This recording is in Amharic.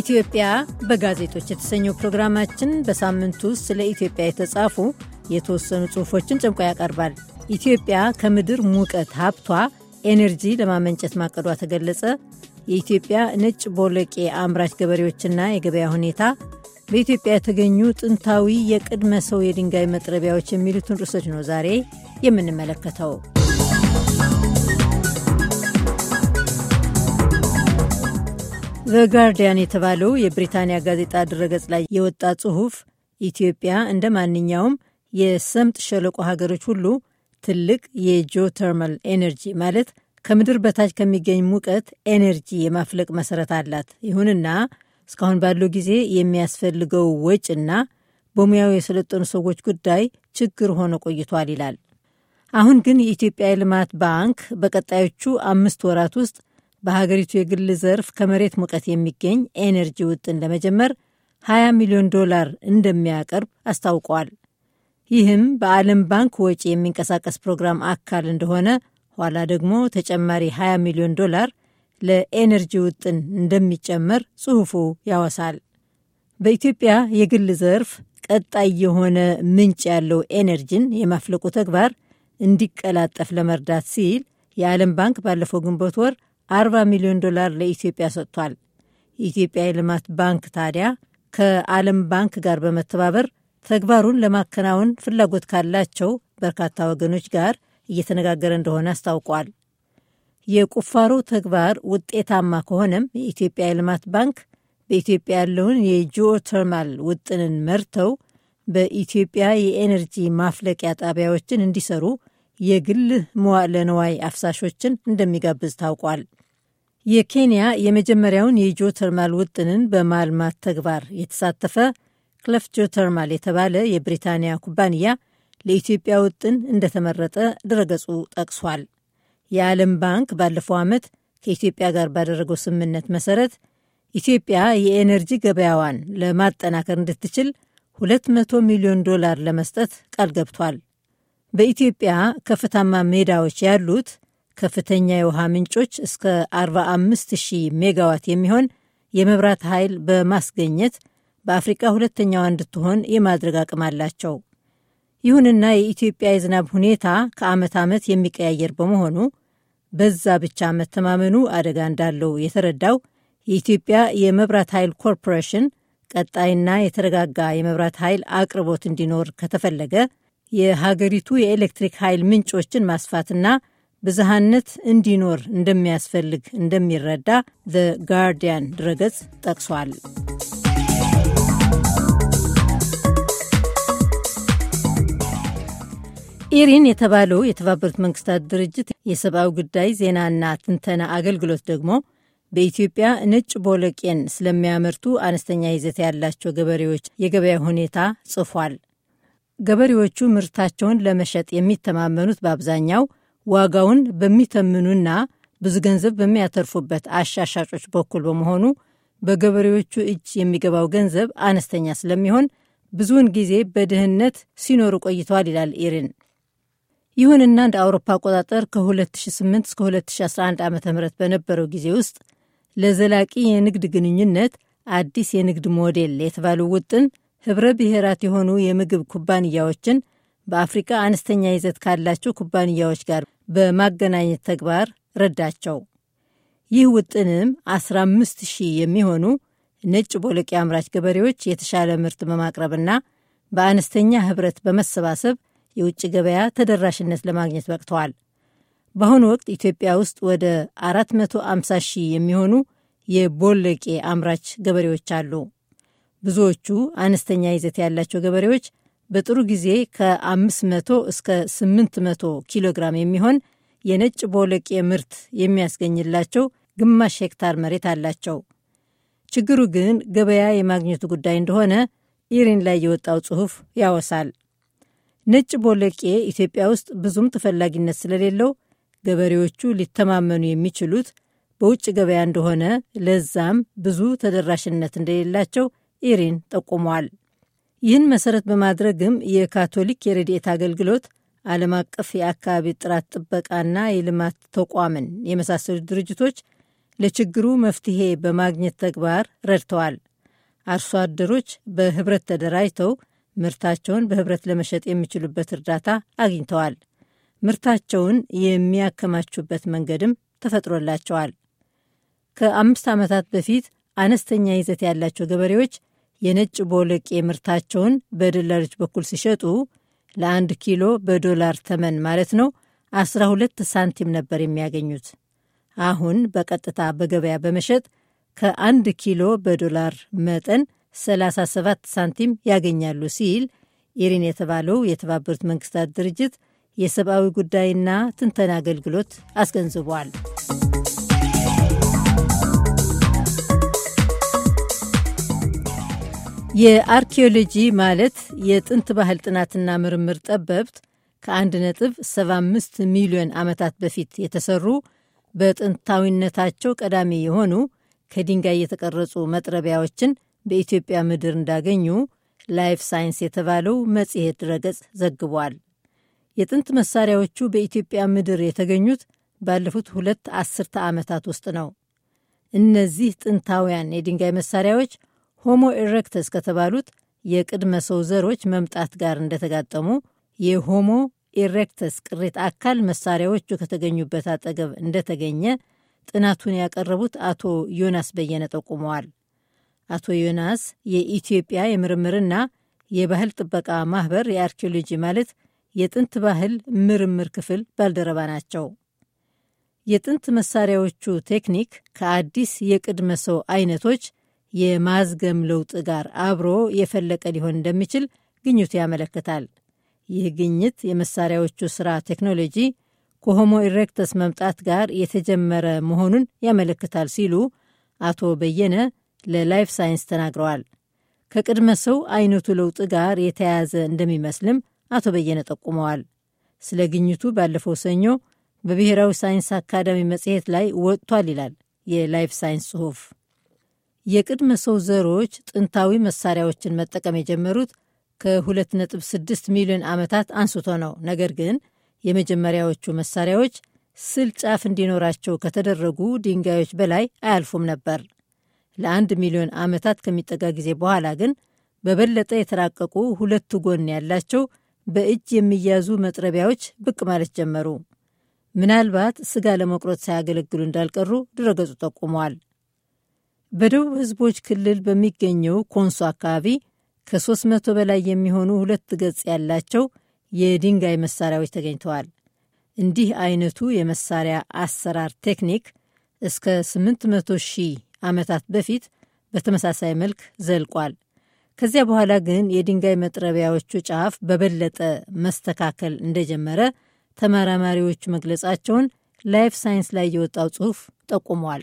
ኢትዮጵያ በጋዜጦች የተሰኘው ፕሮግራማችን በሳምንቱ ውስጥ ስለ ኢትዮጵያ የተጻፉ የተወሰኑ ጽሑፎችን ጨምቆ ያቀርባል። ኢትዮጵያ ከምድር ሙቀት ሀብቷ ኤነርጂ ለማመንጨት ማቀዷ ተገለጸ፣ የኢትዮጵያ ነጭ ቦለቄ አምራች ገበሬዎችና የገበያ ሁኔታ፣ በኢትዮጵያ የተገኙ ጥንታዊ የቅድመ ሰው የድንጋይ መጥረቢያዎች የሚሉትን ርዕሶች ነው ዛሬ የምንመለከተው። ዘ ጋርዲያን የተባለው የብሪታንያ ጋዜጣ ድረገጽ ላይ የወጣ ጽሑፍ ኢትዮጵያ እንደ ማንኛውም የሰምጥ ሸለቆ ሀገሮች ሁሉ ትልቅ የጂኦተርማል ኤነርጂ ማለት ከምድር በታች ከሚገኝ ሙቀት ኤነርጂ የማፍለቅ መሰረት አላት። ይሁንና እስካሁን ባለው ጊዜ የሚያስፈልገው ወጪና በሙያው የሰለጠኑ ሰዎች ጉዳይ ችግር ሆኖ ቆይቷል ይላል። አሁን ግን የኢትዮጵያ የልማት ባንክ በቀጣዮቹ አምስት ወራት ውስጥ በሀገሪቱ የግል ዘርፍ ከመሬት ሙቀት የሚገኝ ኤነርጂ ውጥን ለመጀመር 20 ሚሊዮን ዶላር እንደሚያቀርብ አስታውቋል። ይህም በዓለም ባንክ ወጪ የሚንቀሳቀስ ፕሮግራም አካል እንደሆነ ኋላ ደግሞ ተጨማሪ 20 ሚሊዮን ዶላር ለኤነርጂ ውጥን እንደሚጨመር ጽሑፉ ያወሳል። በኢትዮጵያ የግል ዘርፍ ቀጣይ የሆነ ምንጭ ያለው ኤነርጂን የማፍለቁ ተግባር እንዲቀላጠፍ ለመርዳት ሲል የዓለም ባንክ ባለፈው ግንቦት ወር 40 ሚሊዮን ዶላር ለኢትዮጵያ ሰጥቷል። የኢትዮጵያ የልማት ባንክ ታዲያ ከዓለም ባንክ ጋር በመተባበር ተግባሩን ለማከናወን ፍላጎት ካላቸው በርካታ ወገኖች ጋር እየተነጋገረ እንደሆነ አስታውቋል። የቁፋሮ ተግባር ውጤታማ ከሆነም የኢትዮጵያ የልማት ባንክ በኢትዮጵያ ያለውን የጂኦተርማል ውጥንን መርተው በኢትዮጵያ የኤነርጂ ማፍለቂያ ጣቢያዎችን እንዲሰሩ የግል መዋዕለ ነዋይ አፍሳሾችን እንደሚጋብዝ ታውቋል። የኬንያ የመጀመሪያውን የጂኦተርማል ውጥንን በማልማት ተግባር የተሳተፈ ክለፍ ጂኦተርማል የተባለ የብሪታንያ ኩባንያ ለኢትዮጵያ ውጥን እንደተመረጠ ድረገጹ ጠቅሷል። የዓለም ባንክ ባለፈው ዓመት ከኢትዮጵያ ጋር ባደረገው ስምምነት መሰረት ኢትዮጵያ የኤነርጂ ገበያዋን ለማጠናከር እንድትችል 200 ሚሊዮን ዶላር ለመስጠት ቃል ገብቷል። በኢትዮጵያ ከፍታማ ሜዳዎች ያሉት ከፍተኛ የውሃ ምንጮች እስከ 45000 ሜጋዋት የሚሆን የመብራት ኃይል በማስገኘት በአፍሪቃ ሁለተኛዋ እንድትሆን የማድረግ አቅም አላቸው። ይሁንና የኢትዮጵያ የዝናብ ሁኔታ ከዓመት ዓመት የሚቀያየር በመሆኑ በዛ ብቻ መተማመኑ አደጋ እንዳለው የተረዳው የኢትዮጵያ የመብራት ኃይል ኮርፖሬሽን ቀጣይና የተረጋጋ የመብራት ኃይል አቅርቦት እንዲኖር ከተፈለገ የሀገሪቱ የኤሌክትሪክ ኃይል ምንጮችን ማስፋትና ብዝሃነት እንዲኖር እንደሚያስፈልግ እንደሚረዳ ዘ ጋርዲያን ድረገጽ ጠቅሷል። ኢሪን የተባለው የተባበሩት መንግስታት ድርጅት የሰብአዊ ጉዳይ ዜናና ትንተና አገልግሎት ደግሞ በኢትዮጵያ ነጭ ቦለቄን ስለሚያመርቱ አነስተኛ ይዘት ያላቸው ገበሬዎች የገበያ ሁኔታ ጽፏል። ገበሬዎቹ ምርታቸውን ለመሸጥ የሚተማመኑት በአብዛኛው ዋጋውን በሚተምኑና ብዙ ገንዘብ በሚያተርፉበት አሻሻጮች በኩል በመሆኑ በገበሬዎቹ እጅ የሚገባው ገንዘብ አነስተኛ ስለሚሆን ብዙውን ጊዜ በድህነት ሲኖሩ ቆይተዋል ይላል ኢሪን። ይሁንና እንደ አውሮፓ አቆጣጠር ከ2008 እስከ 2011 ዓ ም በነበረው ጊዜ ውስጥ ለዘላቂ የንግድ ግንኙነት አዲስ የንግድ ሞዴል የተባለው ውጥን ህብረ ብሔራት የሆኑ የምግብ ኩባንያዎችን በአፍሪካ አነስተኛ ይዘት ካላቸው ኩባንያዎች ጋር በማገናኘት ተግባር ረዳቸው። ይህ ውጥንም 15 ሺህ የሚሆኑ ነጭ ቦለቄ አምራች ገበሬዎች የተሻለ ምርት በማቅረብና በአነስተኛ ህብረት በመሰባሰብ የውጭ ገበያ ተደራሽነት ለማግኘት በቅተዋል። በአሁኑ ወቅት ኢትዮጵያ ውስጥ ወደ 450 ሺህ የሚሆኑ የቦለቄ አምራች ገበሬዎች አሉ። ብዙዎቹ አነስተኛ ይዘት ያላቸው ገበሬዎች በጥሩ ጊዜ ከ500 እስከ 800 ኪሎ ግራም የሚሆን የነጭ ቦለቄ ምርት የሚያስገኝላቸው ግማሽ ሄክታር መሬት አላቸው። ችግሩ ግን ገበያ የማግኘቱ ጉዳይ እንደሆነ ኢሪን ላይ የወጣው ጽሑፍ ያወሳል። ነጭ ቦለቄ ኢትዮጵያ ውስጥ ብዙም ተፈላጊነት ስለሌለው ገበሬዎቹ ሊተማመኑ የሚችሉት በውጭ ገበያ እንደሆነ፣ ለዛም ብዙ ተደራሽነት እንደሌላቸው ኢሪን ጠቁሟል። ይህን መሰረት በማድረግም የካቶሊክ የረድኤት አገልግሎት ዓለም አቀፍ የአካባቢ ጥራት ጥበቃና የልማት ተቋምን የመሳሰሉት ድርጅቶች ለችግሩ መፍትሄ በማግኘት ተግባር ረድተዋል። አርሶ አደሮች በህብረት ተደራጅተው ምርታቸውን በህብረት ለመሸጥ የሚችሉበት እርዳታ አግኝተዋል። ምርታቸውን የሚያከማቹበት መንገድም ተፈጥሮላቸዋል። ከአምስት ዓመታት በፊት አነስተኛ ይዘት ያላቸው ገበሬዎች የነጭ ቦሎቄ ምርታቸውን በደላሎች በኩል ሲሸጡ ለአንድ ኪሎ በዶላር ተመን ማለት ነው 12 ሳንቲም ነበር የሚያገኙት። አሁን በቀጥታ በገበያ በመሸጥ ከአንድ ኪሎ በዶላር መጠን 37 ሳንቲም ያገኛሉ ሲል ኢሪን የተባለው የተባበሩት መንግስታት ድርጅት የሰብአዊ ጉዳይና ትንተና አገልግሎት አስገንዝቧል። የአርኪኦሎጂ ማለት የጥንት ባህል ጥናትና ምርምር ጠበብት ከ 75 ሚሊዮን ዓመታት በፊት የተሰሩ በጥንታዊነታቸው ቀዳሚ የሆኑ ከድንጋይ የተቀረጹ መጥረቢያዎችን በኢትዮጵያ ምድር እንዳገኙ ላይፍ ሳይንስ የተባለው መጽሔት ድረገጽ ዘግቧል። የጥንት መሳሪያዎቹ በኢትዮጵያ ምድር የተገኙት ባለፉት ሁለት አስርተ ዓመታት ውስጥ ነው። እነዚህ ጥንታውያን የድንጋይ መሳሪያዎች ሆሞ ኤሬክተስ ከተባሉት የቅድመ ሰው ዘሮች መምጣት ጋር እንደተጋጠሙ የሆሞ ኢሬክተስ ቅሪት አካል መሳሪያዎቹ ከተገኙበት አጠገብ እንደተገኘ ጥናቱን ያቀረቡት አቶ ዮናስ በየነ ጠቁመዋል። አቶ ዮናስ የኢትዮጵያ የምርምርና የባህል ጥበቃ ማህበር የአርኪኦሎጂ ማለት የጥንት ባህል ምርምር ክፍል ባልደረባ ናቸው። የጥንት መሳሪያዎቹ ቴክኒክ ከአዲስ የቅድመ ሰው አይነቶች የማዝገም ለውጥ ጋር አብሮ የፈለቀ ሊሆን እንደሚችል ግኝቱ ያመለክታል። ይህ ግኝት የመሳሪያዎቹ ስራ ቴክኖሎጂ ከሆሞ ኢሬክተስ መምጣት ጋር የተጀመረ መሆኑን ያመለክታል ሲሉ አቶ በየነ ለላይፍ ሳይንስ ተናግረዋል። ከቅድመ ሰው አይነቱ ለውጥ ጋር የተያያዘ እንደሚመስልም አቶ በየነ ጠቁመዋል። ስለ ግኝቱ ባለፈው ሰኞ በብሔራዊ ሳይንስ አካዳሚ መጽሔት ላይ ወጥቷል ይላል የላይፍ ሳይንስ ጽሑፍ። የቅድመ ሰው ዘሮች ጥንታዊ መሳሪያዎችን መጠቀም የጀመሩት ከ2.6 ሚሊዮን ዓመታት አንስቶ ነው። ነገር ግን የመጀመሪያዎቹ መሳሪያዎች ስል ጫፍ እንዲኖራቸው ከተደረጉ ድንጋዮች በላይ አያልፉም ነበር። ለአንድ ሚሊዮን ዓመታት ከሚጠጋ ጊዜ በኋላ ግን በበለጠ የተራቀቁ ሁለት ጎን ያላቸው በእጅ የሚያዙ መጥረቢያዎች ብቅ ማለት ጀመሩ። ምናልባት ስጋ ለመቁረጥ ሳያገለግሉ እንዳልቀሩ ድረገጹ ጠቁመዋል። በደቡብ ህዝቦች ክልል በሚገኘው ኮንሶ አካባቢ ከ300 በላይ የሚሆኑ ሁለት ገጽ ያላቸው የድንጋይ መሳሪያዎች ተገኝተዋል። እንዲህ አይነቱ የመሳሪያ አሰራር ቴክኒክ እስከ 800 ሺህ ዓመታት በፊት በተመሳሳይ መልክ ዘልቋል። ከዚያ በኋላ ግን የድንጋይ መጥረቢያዎቹ ጫፍ በበለጠ መስተካከል እንደጀመረ ተመራማሪዎቹ መግለጻቸውን ላይፍ ሳይንስ ላይ የወጣው ጽሑፍ ጠቁመዋል።